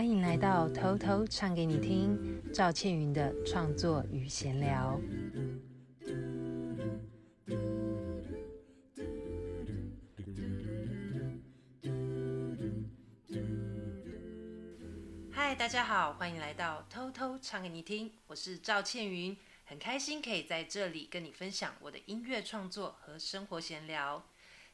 歡迎來到偷偷唱給你聽，趙倩云的創作與閒聊。嗨，大家好，歡迎來到偷偷唱給你聽，我是趙倩云，很開心可以在這裡跟你分享我的音樂創作和生活閒聊。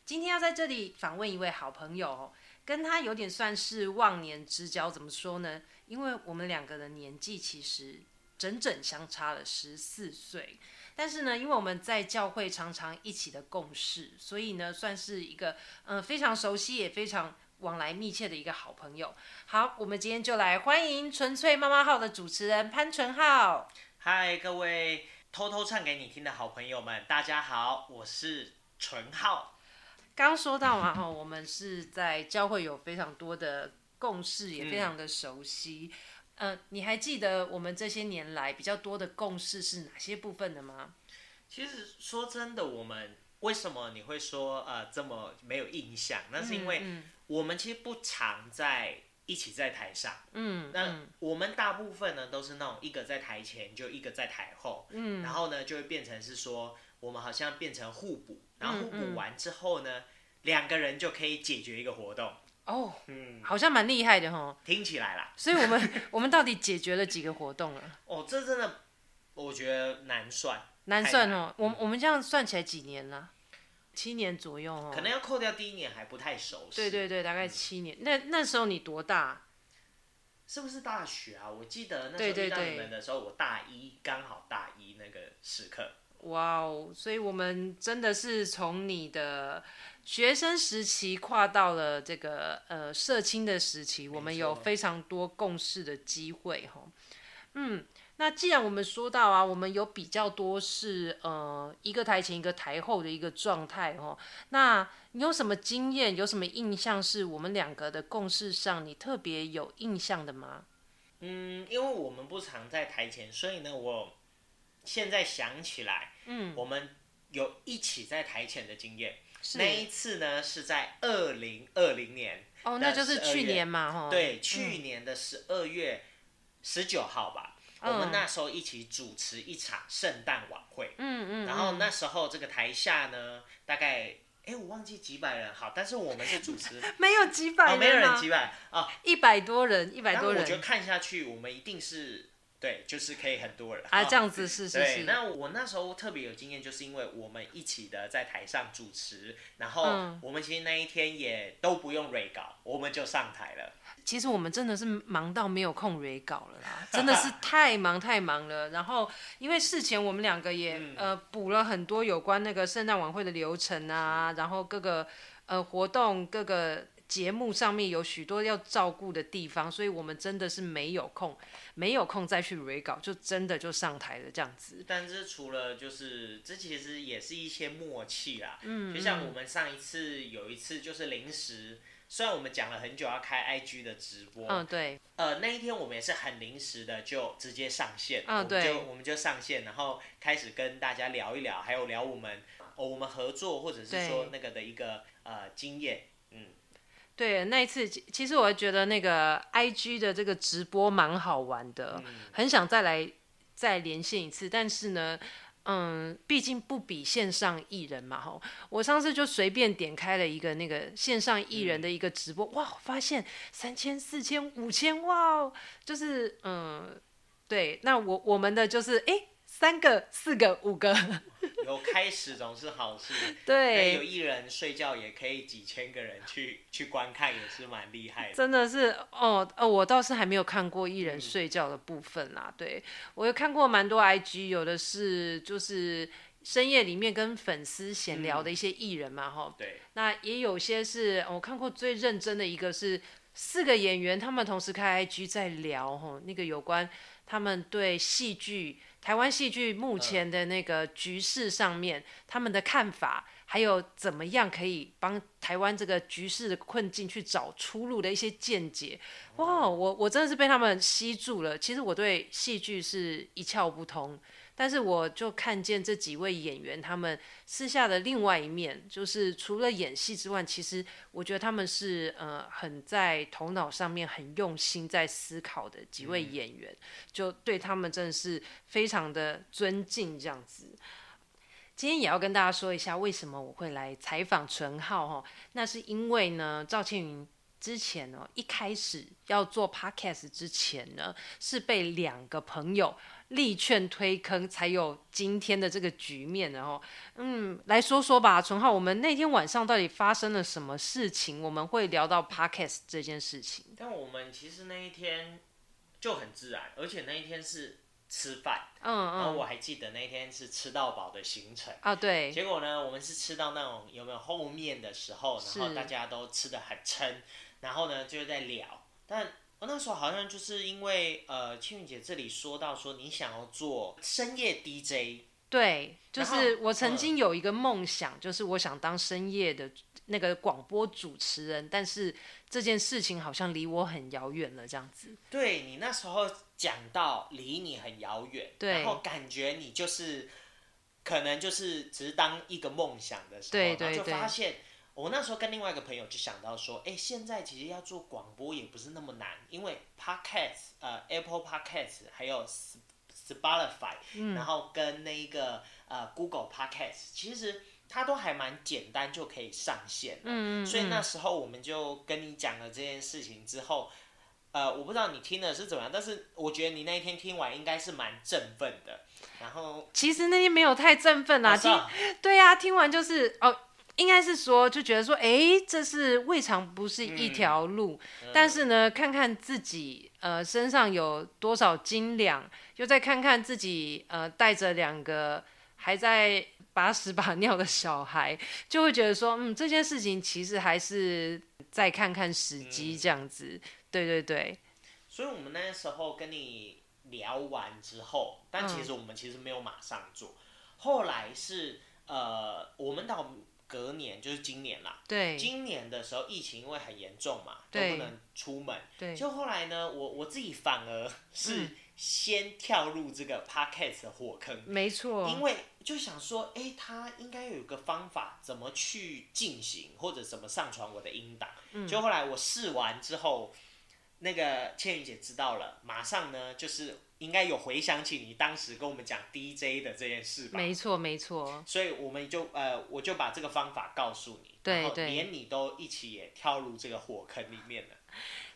今天要在這裡訪問一位好朋友。跟他有點算是忘年之交，怎麼說呢？因為我們兩個人年紀其實整整相差了十四歲，但是呢，因為我們在教會常常一起的共事，所以呢，算是一個嗯、呃、非常熟悉也非常往來密切的一個好朋友。好，我們今天就來歡迎《純粹罵罵皓》的主持人潘純皓。嗨，各位偷偷唱給你聽的好朋友們，大家好，我是純皓。剛，剛說到嘛，哈， 我們是在教會有非常多的共識，也非常的熟悉、嗯。呃，你還記得我們這些年來比較多的共識是哪些部分的嗎？其實說真的，我們為什麼你會說呃這麼沒有印象？那是因為我們其實不常在。一起在台上，嗯，那我們大部分呢、嗯、都是那種一個在台前，就一個在台後，嗯，然後呢就會變成是說，我們好像變成互補，然後互補完之後呢，兩、嗯、個人就可以解決一個活動，哦、嗯，嗯，好像蠻厲害的哦，聽起來啦，所以我們 我們到底解決了幾個活動啊？哦，這真的我覺得難算，難算哦，我我們這樣算起來幾年了？七年左右哦，可能要扣掉第一年還不太熟悉。對對對，大概七年。嗯、那那時候你多大？是不是大學啊？我記得那時候遇到你們的時候，對對對，我大一，剛好大一那個時刻。哇哦！所以，我們真的是從你的學生時期跨到了這個呃社青的時期，我們有非常多共事的機會哈、哦。嗯。那既然我們說到啊，我們有比較多是呃一個台前一個台後的一個狀態哦。那你有什麼經驗，有什麼印象是我們兩個的共事上你特別有印象的嗎？嗯，因為我們不常在台前，所以呢，我現在想起來，嗯，我們有一起在台前的經驗。那一次呢是在二零二零年哦，那就是去年嘛，哦、對，去年的十二月十九號吧。嗯我們那時候一起主持一場聖誕晚會，嗯嗯，然後那時候這個台下呢，大概哎我忘記幾百人，好，但是我們是主持，沒有幾百人，人、哦。沒有人幾百人啊、哦，一百多人，一百多人，我覺得看下去，我們一定是。對，就是可以很多人啊，這樣子是、哦、是是。那我那時候特別有經驗，就是因為我們一起的在台上主持，然後我們其實那一天也都不用 re 稿，我們就上台了。嗯、其實我們真的是忙到沒有空 re 稿了啦，真的是太忙太忙了。 然後因為事前我們兩個也、嗯、呃補了很多有關那個聖誕晚會的流程啊，然後各個呃活動各個。節目上面有許多要照顧的地方，所以我們真的是沒有空，沒有空再去 re 稿，就真的就上台了這樣子。但是除了就是這其實也是一些默契啦、啊，嗯，就像我們上一次有一次就是臨時，雖然我們講了很久要開 IG 的直播，嗯，對，呃，那一天我們也是很臨時的就直接上線，嗯、對，我們就我們就上線，然後開始跟大家聊一聊，還有聊我們哦、呃、我們合作或者是說那個的一個呃經驗。對，那一次其實我覺得那個 IG 的這個直播蠻好玩的，嗯、很想再來再連線一次。但是呢，嗯，畢竟不比線上藝人嘛，吼。我上次就隨便點開了一個那個線上藝人的一個直播，嗯、哇，發現三千、四千、五千，哇、哦，就是嗯，對。那我我們的就是哎，三個、四個、五個。有 開始總是好事，對，有藝人睡覺也可以幾千個人去去觀看，也是蠻厲害的。真的是哦，哦，我倒是還沒有看過藝人睡覺的部分啦。嗯、對，我有看過蠻多 IG，有的是就是深夜裡面跟粉絲閒聊的一些藝人嘛，哈、嗯。對，那也有些是我看過最認真的一個是四個演員，他們同時開 IG 在聊，哈，那個有關他們對戲劇台灣戲劇目前的那個局勢上面，呃，他們的看法，還有怎麼樣可以幫台灣這個局勢的困境去找出路的一些見解，哇，wow，我我真的是被他們吸住了。其實我對戲劇是一竅不通。但是我就看見這幾位演員他們私下的另外一面，就是除了演戲之外，其實我覺得他們是呃很在頭腦上面很用心在思考的幾位演員，就對他們真的是非常的尊敬這樣子。今天也要跟大家說一下為什麼我會來採訪純皓哈、哦，那是因為呢，趙倩雲之前哦一開始要做 podcast 之前呢，是被兩個朋友。力勸推坑，才有今天的這個局面，然後，嗯，來說說吧，純皓，我們那天晚上到底發生了什麼事情？我們會聊到 podcast 這件事情。但我們其實那一天就很自然，而且那一天是吃飯，嗯嗯，我還記得那一天是吃到飽的行程啊，對。結果呢，我們是吃到那種有沒有後面的時候，然後大家都吃得很撐，然後呢就在聊，但。我那時候好像就是因為，呃，青雲姐這裡說到說你想要做深夜 DJ，對，就是我曾經有一個夢想，嗯，就是我想當深夜的那個廣播主持人，但是這件事情好像離我很遙遠了，這樣子。對，你那時候講到離你很遙遠，對，然後感覺你就是可能就是只是當一個夢想的時候，對對對。對對我那時候跟另外一個朋友就想到說，哎、欸，現在其實要做廣播，也不是那麼難，因為 Podcast，呃，Apple Podcast，還有、S、Spotify，、嗯、然後跟那個呃 Google Podcast，其實它都還蠻簡單就可以上線了，嗯嗯嗯。所以那時候我們就跟你講了這件事情之後，呃，我不知道你聽的是怎麼樣，但是我覺得你那一天聽完應該是蠻振奮的。然後，其實那天沒有太振奮、哦、啊，聽，對啊，聽完就是哦。應該是說，就覺得說，哎，這是未嘗不是一條路，嗯嗯、但是呢，看看自己呃身上有多少斤兩，又再看看自己呃帶着兩個還在把屎把尿的小孩，就會覺得說，嗯，這件事情其實還是再看看時機這樣子、嗯，對對對。所以我們那時候跟你聊完之後，但其實我們其實沒有馬上做，嗯、後來是呃我們到。隔年就是今年啦，對，今年的時候疫情因為很嚴重嘛，都不能出門，對，就後來呢，我我自己反而是先跳入這個 podcast 的火坑，沒錯，因為就想說，哎，他應該有個方法，怎麼去進行，或者怎麼上傳我的音檔，嗯，就後來我試完之後，那個千羽姐知道了，馬上呢就是。應該有回想起你當時跟我們講 DJ 的這件事吧？沒錯，沒錯。所以我們就呃，我就把這個方法告訴你，對，然後連你都一起也跳入這個火坑裡面了。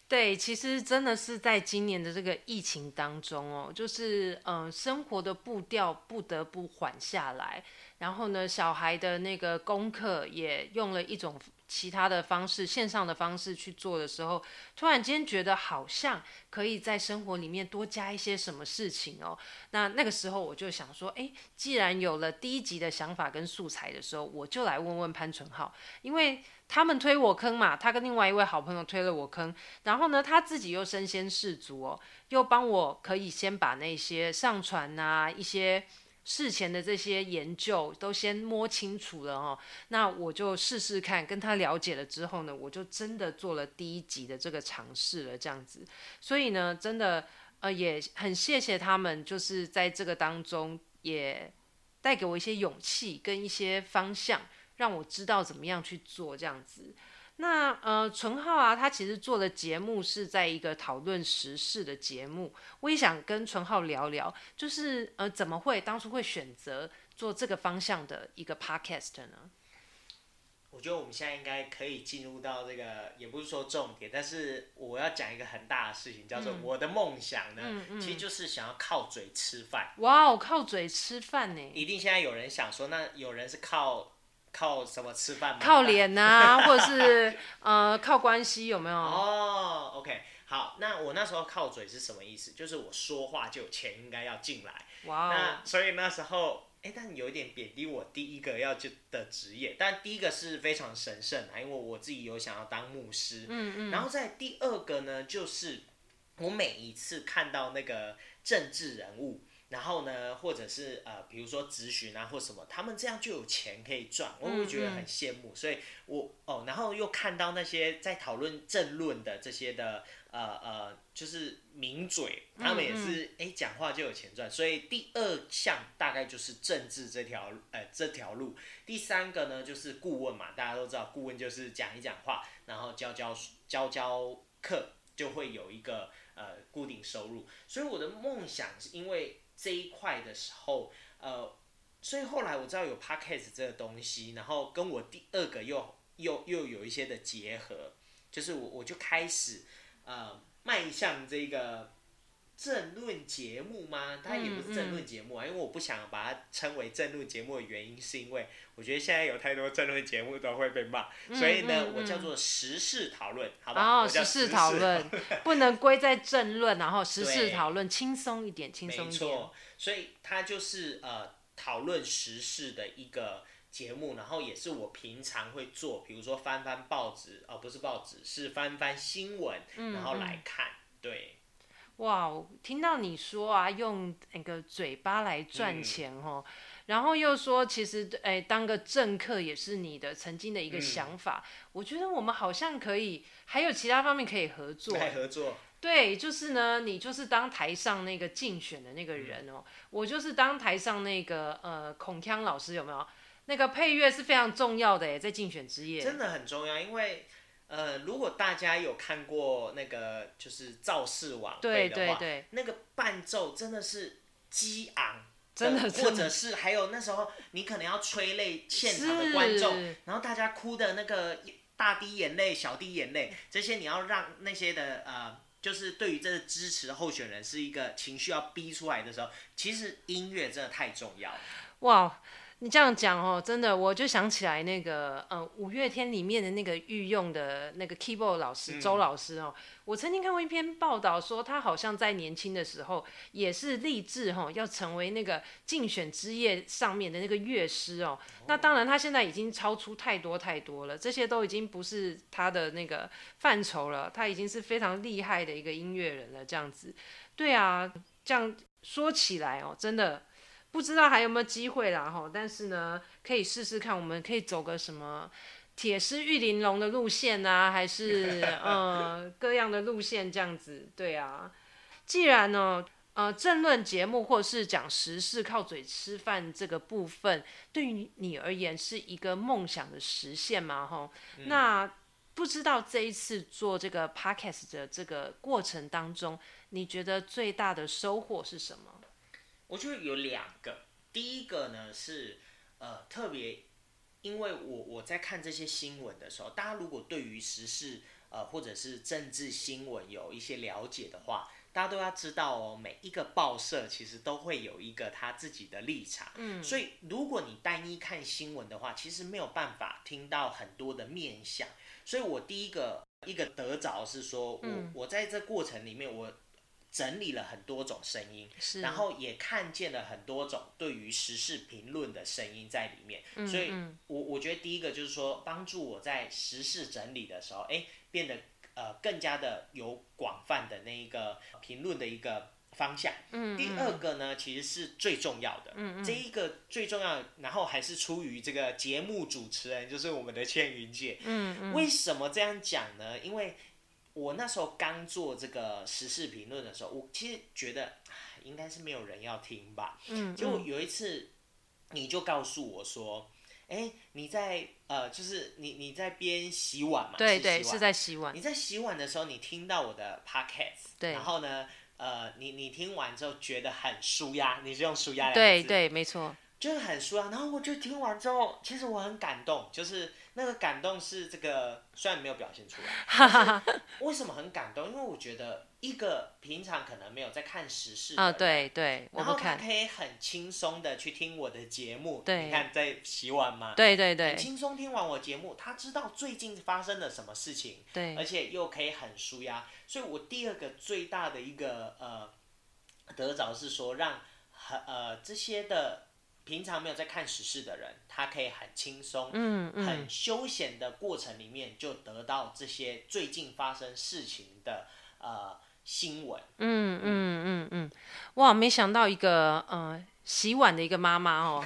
對，其實真的是在今年的這個疫情當中哦，就是嗯、呃，生活的步調不得不緩下來，然後呢，小孩的那個功課也用了一種。其他的方式，線上的方式去做的時候，突然間覺得好像可以在生活裡面多加一些什麼事情哦。那那個時候我就想說，誒、欸，既然有了第一集的想法跟素材的時候，我就來問問潘純皓，因為他們推我坑嘛，他跟另外一位好朋友推了我坑，然後呢，他自己又身先士卒哦，又幫我可以先把那些上傳啊一些。事前的這些研究都先摸清楚了哦，那我就試試看，跟他了解了之後呢，我就真的做了第一集的這個嘗試了，這樣子。所以呢，真的，呃，也很謝謝他們，就是在這個當中也帶給我一些勇氣跟一些方向，讓我知道怎麼樣去做這樣子。那呃，純皓啊，他其實做的節目是在一個討論時事的節目。我也想跟純皓聊聊，就是呃，怎麼會當初會選擇做這個方向的一個 podcast 呢？我覺得我們現在應該可以進入到這個，也不是說重點，但是我要講一個很大的事情，叫做我的夢想呢，嗯嗯嗯、其實就是想要靠嘴吃飯。哇哦，靠嘴吃飯呢？一定現在有人想說，那有人是靠？靠什麼吃飯？靠臉啊， 或者是呃，靠關係有沒有？哦、oh,，OK，好，那我那時候靠嘴是什麼意思？就是我說話就有錢應該要進來。哇、wow. 那所以那時候，哎，但有一點貶低我第一個要去的職業，但第一個是非常神聖啊，因為我自己有想要當牧師。嗯嗯。然後再第二個呢，就是我每一次看到那個政治人物。然後呢，或者是呃，比如說諮詢啊，或什麼，他們這樣就有錢可以賺，我會覺得很羨慕，嗯嗯。所以我哦，然後又看到那些在討論政論的這些的呃呃，就是名嘴，他們也是哎、欸、講話就有錢賺。所以第二項大概就是政治這條呃這條路。第三個呢就是顧問嘛，大家都知道，顧問就是講一講話，然後教教教教課，交交就會有一個呃固定收入。所以我的夢想是因為。這一塊的時候，呃，所以後來我知道有 podcast 這個東西，然後跟我第二個又又又有一些的結合，就是我我就開始呃邁向這個。政論節目嗎？它也不是政論節目啊、嗯嗯，因為我不想把它稱為政論節目的原因，是因為我覺得現在有太多政論節目都會被罵，所以呢、嗯嗯嗯，我叫做時事討論，好不好？哦、時事討論不能歸在政論，然後時事討論輕鬆一點，輕鬆一點。沒錯，所以它就是呃討論時事的一個節目，然後也是我平常會做，比如說翻翻報紙，哦不是報紙，是翻翻新聞，然後來看，嗯、對。哇、wow，聽到你說啊，用那個嘴巴來賺錢哦、嗯，然後又說其實誒、欸，當個政客也是你的曾經的一個想法、嗯。我覺得我們好像可以，還有其他方面可以合作。可以合作。對，就是呢，你就是當台上那個競選的那個人哦、喔嗯，我就是當台上那個呃，孔鏘老師有沒有？那個配樂是非常重要的哎，在競選之夜真的很重要，因為。呃，如果大家有看過那個就是造勢晚會的話，對對對，那個伴奏真的是激昂的，真的，或者是還有那時候你可能要催淚現場的觀眾，然後大家哭的那個大滴眼淚、小滴眼淚，這些你要讓那些的呃，就是對於這個支持的候選人是一個情緒要逼出來的時候，其實音樂真的太重要哇！你這樣講哦、喔，真的，我就想起來那個呃，五月天裡面的那個御用的那個 keyboard 老師周老師哦、喔，嗯，我曾經看過一篇報道說，他好像在年輕的時候也是立志哈、喔，要成為那個競選之夜上面的那個樂師、喔、哦。那當然，他現在已經超出太多太多了，這些都已經不是他的那個範疇了，他已經是非常厲害的一個音樂人了。這樣子，對啊，這樣說起來哦、喔，真的。不知道還有沒有機會啦，吼。但是呢，可以試試看，我們可以走個什麼鐵獅玉玲瓏的路線啊，還是呃各樣的路線這樣子？對啊，既然呢，呃，政論節目或是講時事靠嘴吃飯這個部分，對於你而言是一個夢想的實現嘛，吼、嗯，那不知道這一次做這個 podcast 的這個過程當中，你覺得最大的收穫是什麼？我覺得有兩個，第一個呢是，呃，特別，因為我我在看這些新聞的時候，大家如果對於時事，呃，或者是政治新聞有一些了解的話，大家都要知道哦，每一個報社其實都會有一個他自己的立場，嗯，所以如果你單一看新聞的話，其實沒有辦法聽到很多的面向，所以我第一個一個得着是說，我我在這過程裡面我。整理了很多種聲音，然後也看見了很多種對於時事評論的聲音在裡面。嗯嗯，所以，我我覺得第一個就是說，幫助我在時事整理的時候，哎、欸，變得呃更加的有廣泛的那一個評論的一個方向。嗯，嗯，第二個呢，其實是最重要的。嗯，嗯這一個最重要，然後還是出於這個節目主持人，就是我們的倩雲姐。嗯，嗯，為什麼這樣講呢？因為。我那時候剛做這個時事評論的時候，我其實覺得應該是沒有人要聽吧。嗯，就有一次，你就告訴我說：“哎、欸，你在呃，就是你你在邊洗碗嘛，對對，是在洗碗。你在洗碗的時候，你聽到我的 podcast 對。然後呢，呃，你你聽完之後覺得很舒壓，你是用舒壓對對，沒錯。”就是很舒壓。然後我就聽完之後，其實我很感動，就是那個感動是這個雖然沒有表現出來， 為什麼很感動？因為我覺得一個平常可能沒有在看時事，啊、哦、對對我不看，然後他可以很輕鬆的去聽我的節目，對，你看在洗碗嗎？對對對，輕鬆聽完我節目，他知道最近發生了什麼事情，對，而且又可以很舒壓，所以我第二個最大的一個呃得着是說，讓呃這些的。平常沒有在看時事的人，他可以很輕鬆、嗯，嗯，很休閒的過程裡面就得到這些最近發生事情的呃新聞。嗯嗯嗯嗯，哇，沒想到一個呃洗碗的一個媽媽哦，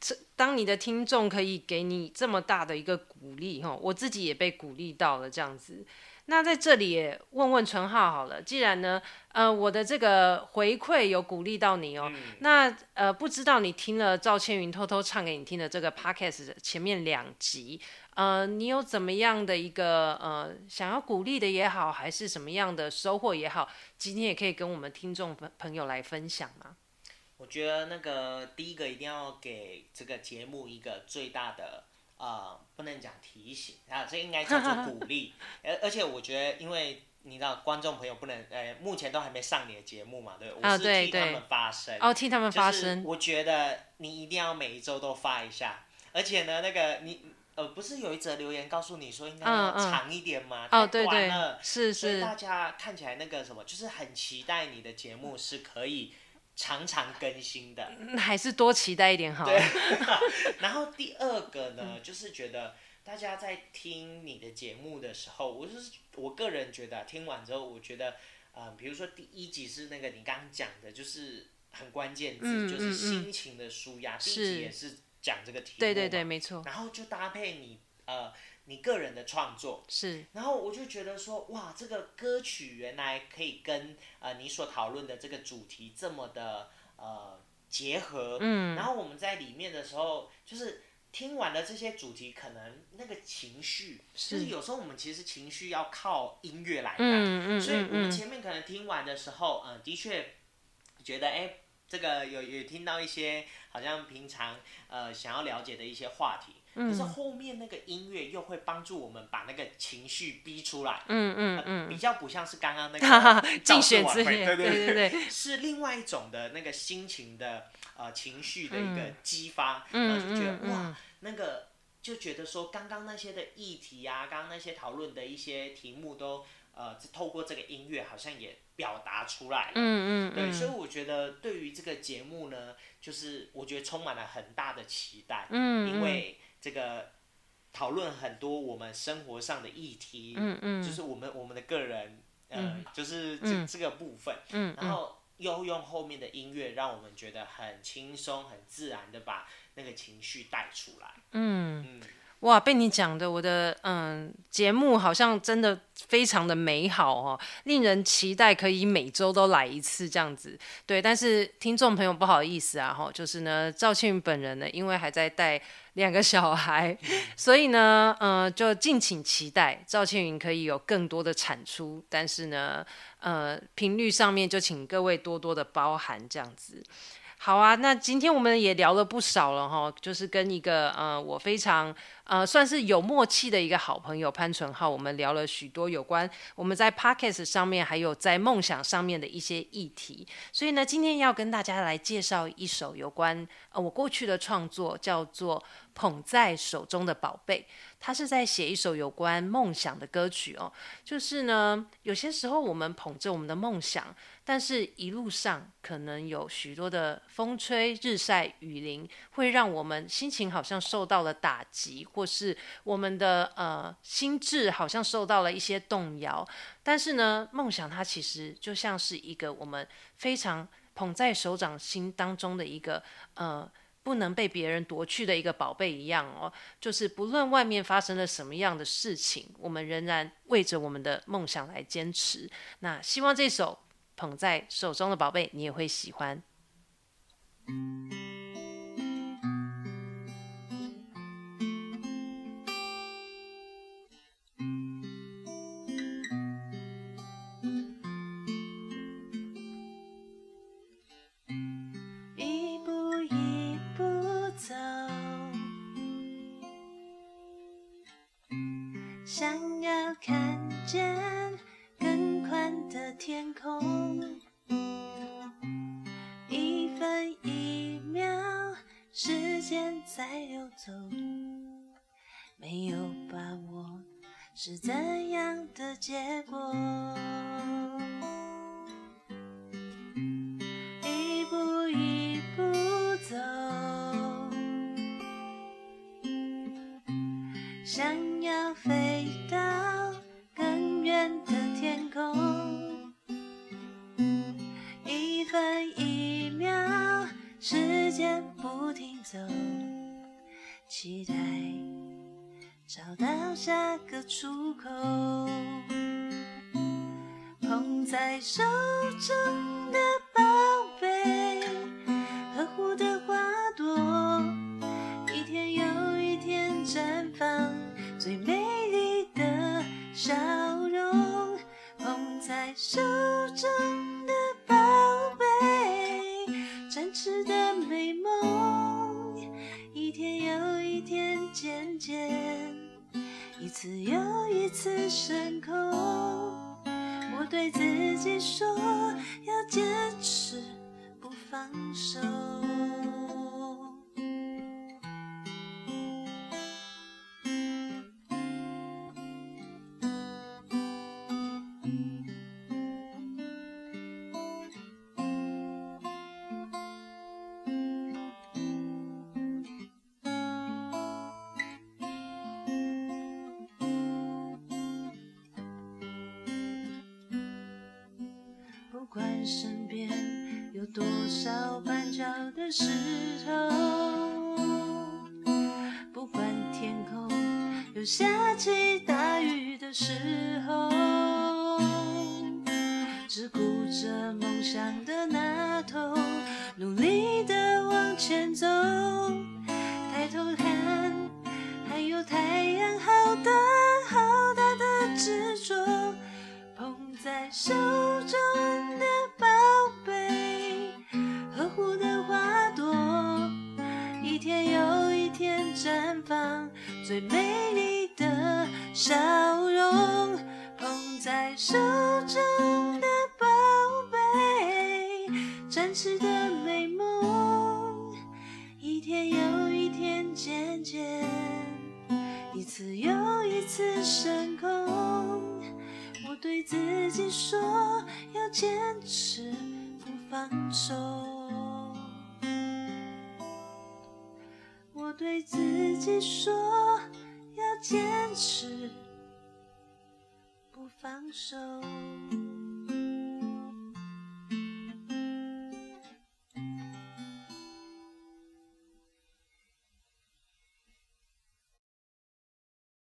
這 當你的聽眾可以給你這麼大的一個鼓勵哦，我自己也被鼓勵到了這樣子。那在這裡也問問純皓好了，既然呢，呃，我的這個回饋有鼓勵到你哦、喔嗯，那呃，不知道你聽了趙倩云偷，偷偷唱給你聽的這個 podcast 前面兩集，呃，你有怎麼樣的一個呃想要鼓勵的也好，還是什麼樣的收穫也好，今天也可以跟我們聽眾朋友來分享嗎？我覺得那個第一個一定要給這個節目一個最大的。呃，不能講提醒啊，這應該叫做鼓勵。而 而且我覺得，因為你知道，觀眾朋友不能，呃，目前都還沒上你的節目嘛，對、哦、我是替他們發聲對對。哦，替他們發聲。就是、我覺得你一定要每一周都發一下。而且呢，那個你呃，不是有一則留言告訴你說應該要長一點嘛、哦？哦，對，太短了，是是。所以大家看起來那個什麼，就是很期待你的節目是可以，常常更新的。嗯，還是多期待一點好。對、啊。然後第二個呢， 就是覺得大家在聽你的節目的時候，我就是我個人覺得，聽完之後，我覺得，嗯、呃，比如說第一集是那個你剛剛講的，就是很關鍵字、嗯嗯嗯、就是心情的舒壓。是、第一集也是講這個題目。對對對，沒錯。然後就搭配你。呃，你個人的創作是，然後我就覺得說，哇，這個歌曲原來可以跟呃你所討論的這個主題這麼的呃結合，嗯，然後我們在裡面的時候，就是聽完了這些主題，可能那個情緒，是就是有時候我們其實情緒要靠音樂來，嗯嗯、嗯，所以我們前面可能聽完的時候，嗯，呃、的確覺得哎，這個有有聽到一些好像平常呃想要了解的一些話題。可是後面那個音樂又會幫助我們把那個情緒逼出來，嗯嗯嗯、呃，比較不像是剛剛那個競選之前對對對，對對對，是另外一種的那個心情的呃情緒的一個激發，嗯、然後就覺得、嗯嗯、哇，那個就覺得說剛剛那些的議題啊，剛剛那些討論的一些題目都呃透過這個音樂好像也表達出來了、嗯嗯嗯，對，所以我覺得對於這個節目呢，就是我覺得充滿了很大的期待，嗯、因為。這個討論很多我們生活上的議題，嗯嗯、就是我們我們的個人，嗯、呃，就是這、嗯、這個部分，嗯、然後又用後面的音樂，讓我們覺得很輕鬆、很自然的把那個情緒帶出來，嗯嗯。哇，被你講的，我的嗯，節目好像真的非常的美好哦，令人期待可以每周都來一次這樣子。對，但是聽眾朋友不好意思啊，哈，就是呢，趙慶雲本人呢，因為還在帶兩個小孩，嗯、所以呢，嗯，就敬請期待趙慶雲可以有更多的產出，但是呢，呃，頻率上面就請各位多多的包涵這樣子。好啊，那今天我們也聊了不少了哈，就是跟一個呃，我非常呃，算是有默契的一個好朋友潘純皓，我們聊了許多有關我們在 podcast 上面，還有在夢想上面的一些議題。所以呢，今天要跟大家來介紹一首有關呃我過去的創作，叫做《捧在手中的寶貝》。他是在寫一首有關夢想的歌曲哦，就是呢，有些時候我們捧着我們的夢想，但是一路上可能有許多的風吹日曬雨淋，會讓我們心情好像受到了打擊，或是我們的呃心智好像受到了一些動搖。但是呢，夢想它其實就像是一個我們非常捧在手掌心當中的一個呃。不能被別人奪去的一個寶貝一樣哦，就是不論外面發生了什麼樣的事情，我們仍然為着我們的夢想來堅持。那希望這首捧在手中的寶貝，你也會喜歡。是怎樣的結果？一步一步走，想要飛到更遠的天空。一分一秒，時間不停走，期待。找到下個出口，捧在手中的寶貝，呵護的花朵，一天又一天綻放最美麗的笑容，捧在手中。一次又一次傷口，我對自己說要堅持，不放手。邊有多少絆腳的石頭？不管天空又下起大雨的時候，只顧着夢想的那頭，努力的往前走。抬頭看，還有太陽，好大好大的執着，捧在手中的。最美麗的笑容，捧在手中的寶貝，展翅的美夢，一天又一天，漸漸，一次又一次，升空。我對自己說，要堅持，不放手。對自己說，要堅持不放手。